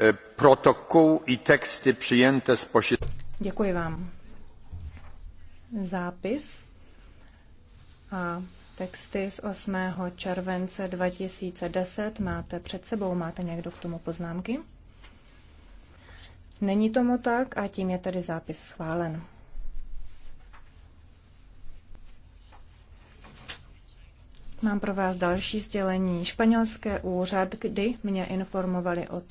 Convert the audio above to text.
E, protokół i texty przyjęte z posiedzenia. Děkuji vám. Zápis a texty z 8. července 2010 máte před sebou. Máte někdo k tomu poznámky? Není tomu tak a tím je tedy zápis schválen. Mám pro vás další sdělení. Španělské úřad mě informovali o tom,